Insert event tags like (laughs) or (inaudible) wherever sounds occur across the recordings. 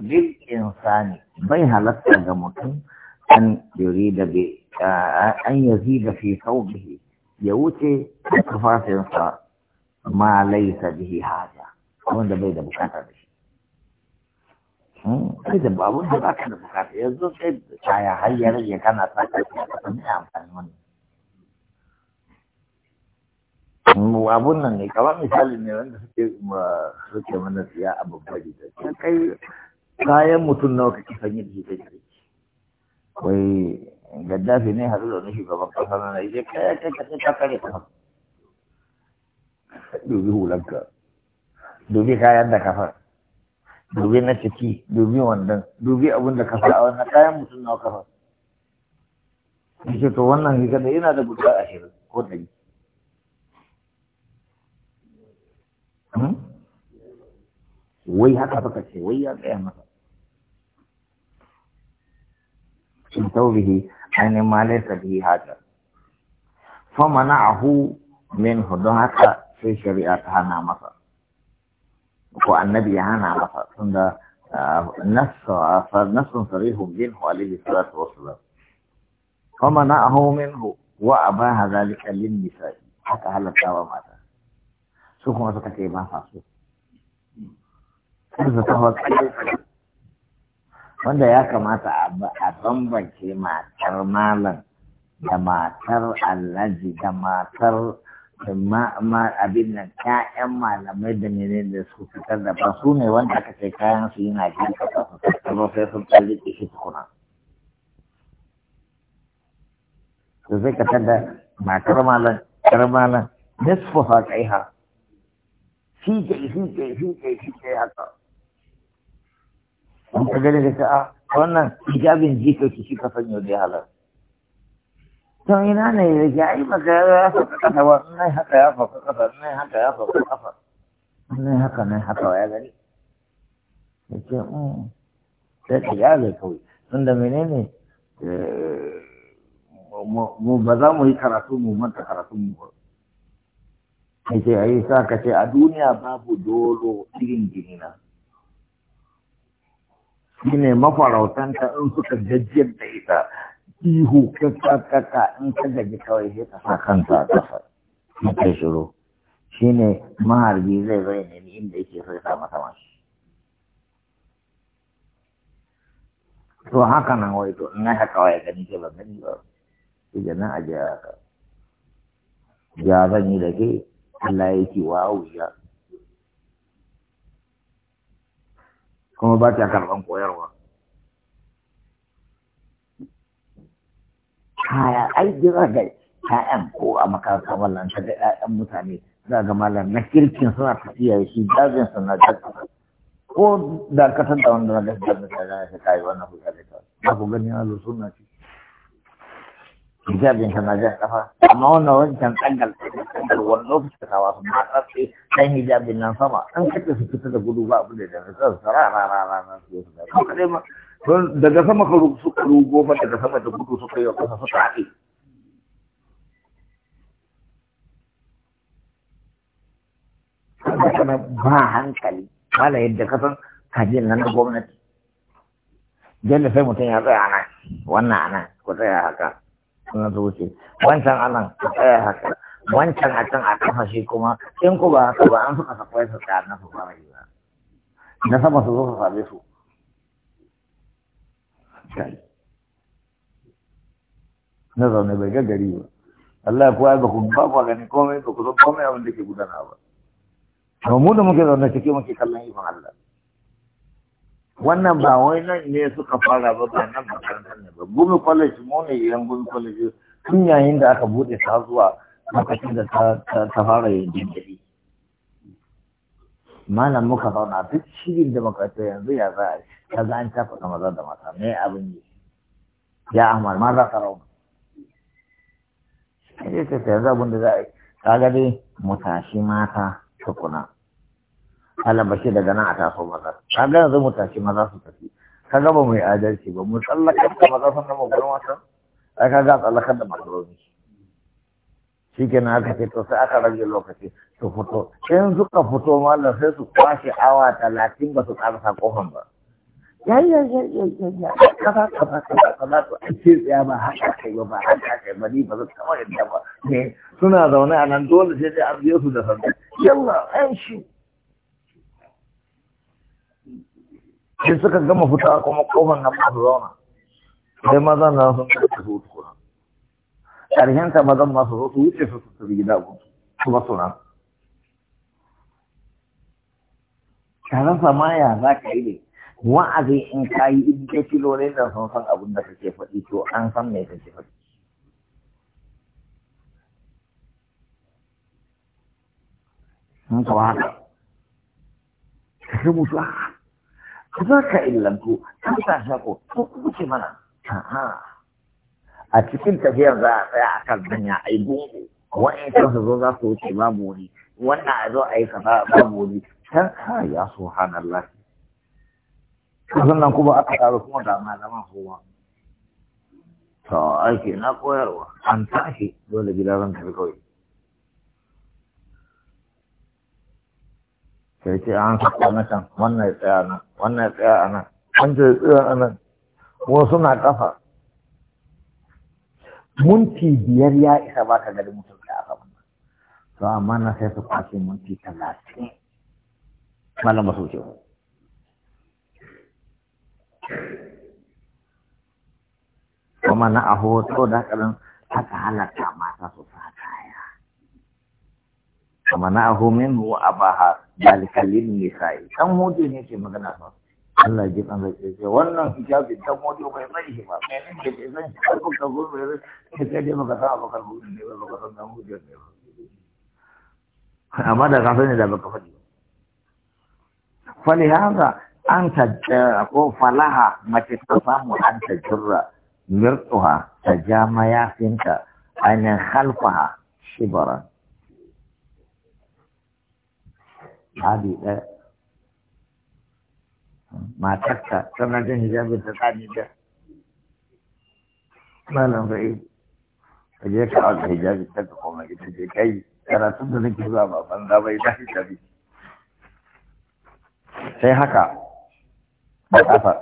lil insani bai halatta ga mutum an da bi an da fi thawbihi ya wuce da tufafinsa ma laisa bihi haja wanda bai da bukata da shi sai hmm, da babu da ba ka da bukata yanzu sai kaya har ya rage kana sa ka ya mai amfani wani, hmm, abun nan ne kamar misali ne wanda suke suke mana siya a babbar gida kai kayan mutum nawa kake san yadda shi kai kai wai gaddafi ne haɗu da wani shugaban ƙasa na Najeriya kaya kai kai ka kare ka dubi hulanka dubi kayan da kafa dubi na ciki dubi wandan dubi abin da kafa a wannan kayan mutum nawa kafa ce to wannan rigar da yana da guda ashirin ko ɗari hmm? wai haka suka ce wai ya tsaya masa في ثوبه عن ما ليس به حاجة فمنعه منه دهك في شريعة هانا مصر النبي هانا مصر ثم آه، نص نص صريح منه عليه الصلاة والسلام فمنعه منه وأباه ذلك للنساء حتى هل الدعوة ماذا شوفوا ما تكتب ما فاسد كيف تهوى wanda ya kamata a bambance matar malam da matar alhaji da matar abin nan ƴaƴan malamai da menene da su fitar da ba su ne wanda aka ce kayan su yana jin kasa su tattaro sai sun tsallike shi tukuna to zai ka da matar malam ƴar malam nisfu ha kai ha shi ke shi ke shi ke shi ke haka in ka gani da a ah, wannan hijabin jikoki shi ka sanyo da halar to ina ne ya ga ai maka ya faɗa kafa n'a nai haka ya faɗa kafa nai haka ya faɗa kafa nai haka nai haka ya gani ce um sai ka ya zai kawai tunda menene eh, mu ba za mu yi karatu mu manta karatun mu ba ce ai sa ka ce a duniya babu dolo irin na. shi ne mafarautanka in suka gajiyar da ita ihu kaka in ka gaji kawai sai ka sa kanta a ƙasa na kai shiro shi ne maharbi zai zai nemi inda yake so ya sa masa mashi to haka nan wai to in haka kawai gani ke ba gani ba shi ga nan a jiya haka ya zan yi da ke Allah ya ce wa wuya kuma ba ta karɓan koyarwa kaya ai jira ga ƴaƴan ko a makaranta wallan ta ga ƴaƴan mutane za ga malam na kirkin suna tafiya da shi dajin suna dajin ko da dakatar da wanda na gaskiya da ta gane ta kai wannan hujja da ta ba ku gani halu suna ci hijabin ta na jan kafa amma wannan wancan tsangal tsangal wani lokacin kawa su ma tsatsi dan hijabin nan sama an kace su fita da gudu ba abin da da su sara ra ra ra ra su da daga sama ka su rugo ba daga sama da gudu suka yi kasa suka haɗe kana ba hankali wala yadda ka san kajin nan na gwamnati jalla sai mutum ya tsaya nan wannan anan ku tsaya haka na zuci wancan anan a tsaya haka wancan a can a kafa shi kuma in ku ba haka ba an suka sakwai su tsaya na su fara yi ba na sama su zo su same su na zaune bai ga gari ba Allah kuwa ba ku ba ku gani komai ba ku zo komai abin da ke gudana ba. Mu da muke zaune cikin muke kallon ikon Allah. wannan ba wai nan ne suka fara ba ba nan makarantar ne ba gumi college mu ne yan gumi college tun yayin da aka bude ta zuwa lokacin da ta fara yin jinkiri malam muka zauna duk shirin da ta yanzu ya za a ta za an tafa ga maza da mata me abin yi ya amal ma za ka rauna sai ta yanzu abin da za a yi kaga dai mutashi mata tukuna kalaba shi daga nan a taso maza kaga yanzu mu tashi maza su tafi kaga ba mu yi adalci ba mu tsallakar da maza sun nama gurin wata ai kaga tsallakar da makaroni shi na aka ce to sai aka rage lokaci su fito in suka fito mallam sai su kwashe awa talatin ba su karasa kofan ba ya ya ya ya ya ya kaza kaza kaza to a ce tsaya ba haka kai ba ba ka kai ba ni ba zan taɓa yadda ba suna zaune a nan dole sai dai an da sanda yalla an shi sai suka gama fita kuma kofar nan masu zauna sai mazan na sun karfi su wuce kuma ƙarshen ta mazan masu zo su wuce su su gida ku su ba suna ka rasa ya za ka yi ne wa'azi in ka yi in ka kilo ne da sun san abin da kake faɗi to an san me kake faɗi in ka haka ka rubuta za ka illantu ka sa shako ko ce mana a cikin tafiyar za a tsaya a kan zanya a yi gungu wa'in kan su zo za su wuce babu wani. wannan a zo a yi kaza babu wani. can ka ya so hana lafi sannan kuma aka taru kuma da zama kowa to aiki na koyarwa an tashi dole gida zan tafi kawai sai ce an saka na can wannan ya tsaya nan wannan ya tsaya a nan wancan ya tsaya a nan wasu na kafa minti biyar ya isa ba ka gari mutum da aka ba to amma na sai su kwashe minti talatin malam ba su ce kuma na aho hoto da karin haka halatta mata su sa kaya kuma na ahu min wa abaha dalikalin nisa'i kan hudu ne ke magana ba Allah ji kan zai ce wannan hijabi kan hudu bai mai shi ba ne ke ko ka ke sai dai maka sa ne ba hudu ne ba amma da da baka faɗi fali haza an ta eh, ko falaha mace ta samu an ta jirra mirtuha ta ja mayafinta ainihin halfaha shibara babi ɗaya matarka tana jin hijabin ta tsani da malam fa'i a je ka auka hijabi ta ka koma ita je kai karatun da nake zuwa ba banza bai da hijabi sai haka ba kafa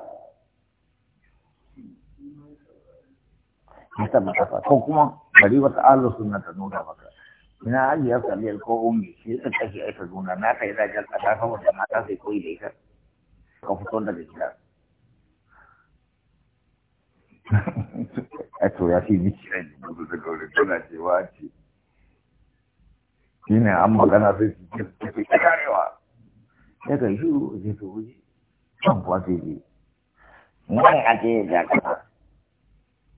ita ba kafa ko kuma bari wata alu sunna ta nuna maka ina hali ya sami ko ummi shi ta take aika juna na kai da jan kasa saboda mata sai koyi da ita ka fito daga gida a (laughs) to ya fi miki yi gudu da gauri tana cewa ce shi ne an magana sai su ce su ta karewa ya kai shi zai to wuce can kuwa sai je wani ake ja kasa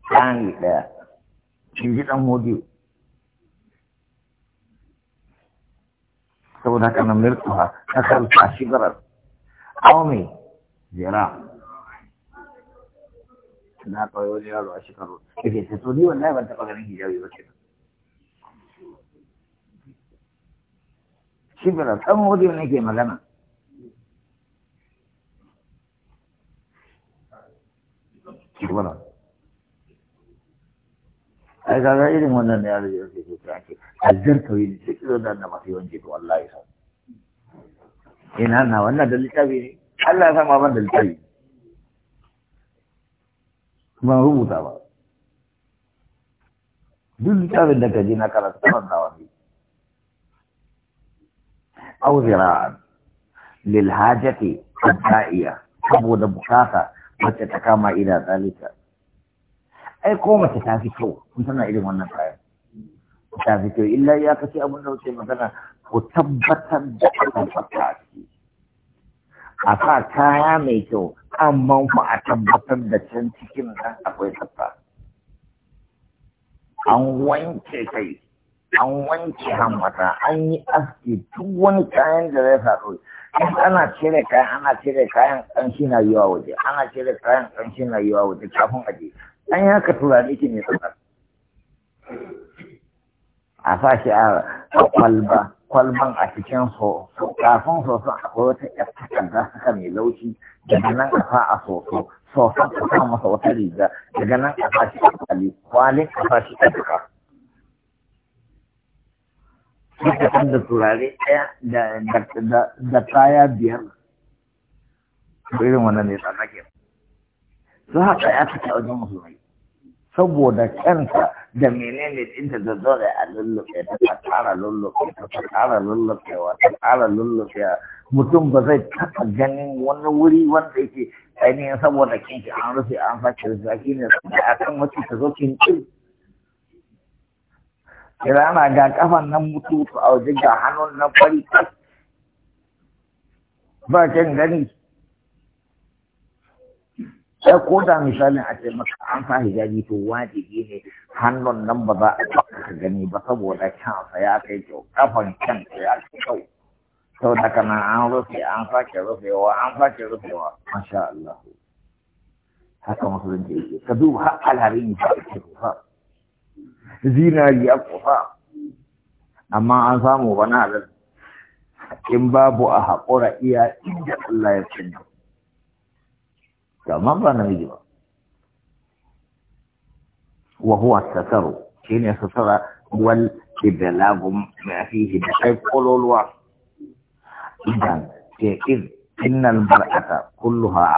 ta hanyar ɗaya shi ji ɗan modiyo saboda haka nan mirkuha ta salfa shigarar aumi jira na kawai wani yaro a shekaru yake ce to ni wallahi ban taɓa ganin hijabi ba kenan shigarar tsawon wajen nake magana shigarar ai kaga irin wannan da yaro yake ce ake أجرتوا يذكروا أن ما في وجهك والله يسوع إن أنا وأنا دلتا بيني الله سما من دلتا بيني ما هو مطابع دلتا بيني كجينا كلا سما دواني أو ذراع للحاجة الدائية أبو دبخاتا وتتكامى إلى ذلك أي قومة تتعافي شو كنت أنا إلي وأنا فاير ta fito illa ya kace abin da wuce magana ku tabbatar da albarka a ciki a sa kaya mai kyau amma ku a tabbatar da can cikin nan akwai tsafta an wanke kai an wanke hammata an yi aski duk wani kayan da zai faɗo in ana cire kayan ana cire kayan ƙanshi na yiwa waje ana cire kayan ƙanshi na yiwa waje kafin aje an ka tura ne ki ne tsakar a sa shi a kwalba kwalban a cikin so kafin soso akwai wata yar da suka mai laushi daga nan a sa a soso soson a sa masa wata riga daga nan a sa shi a kwali kwali a sa shi a duka suka da turare ɗaya da kaya biyar irin wannan ne tsanake su haka ya fita wajen musulmai saboda kanta da menene dinta da zore a lullufe ta ta ƙara lullufe ta tsara lullufe wa ta lullufe a mutum ba zai taɓa ganin wani wuri wanda yake ainihin saboda kinki an rufe an sake rufe shi ne da a kan mace ta zo kinki ana ga kafan nan mutu a waje ga hannun nan fari ba kyan gani sai ko da misalin a ce maka an sa hijabi to wajibi ne hannun nan ba za a baka ka gani ba saboda kansa ya kai kyau kafan kansa ya kai kyau sau da kana an rufe an sake rufewa an sake rufewa masha Allah haka musulunci yake ka duba har alharin ba a kusa zinari zinariya kusa amma an samu bana halal in babu a haƙura iya inda Allah ya canza تمام بقى نيجي بقى وهو الستر كين يستر هو الابلاغ ما فيه بحيث قلوا الوصف إذن إذ إن المرأة كلها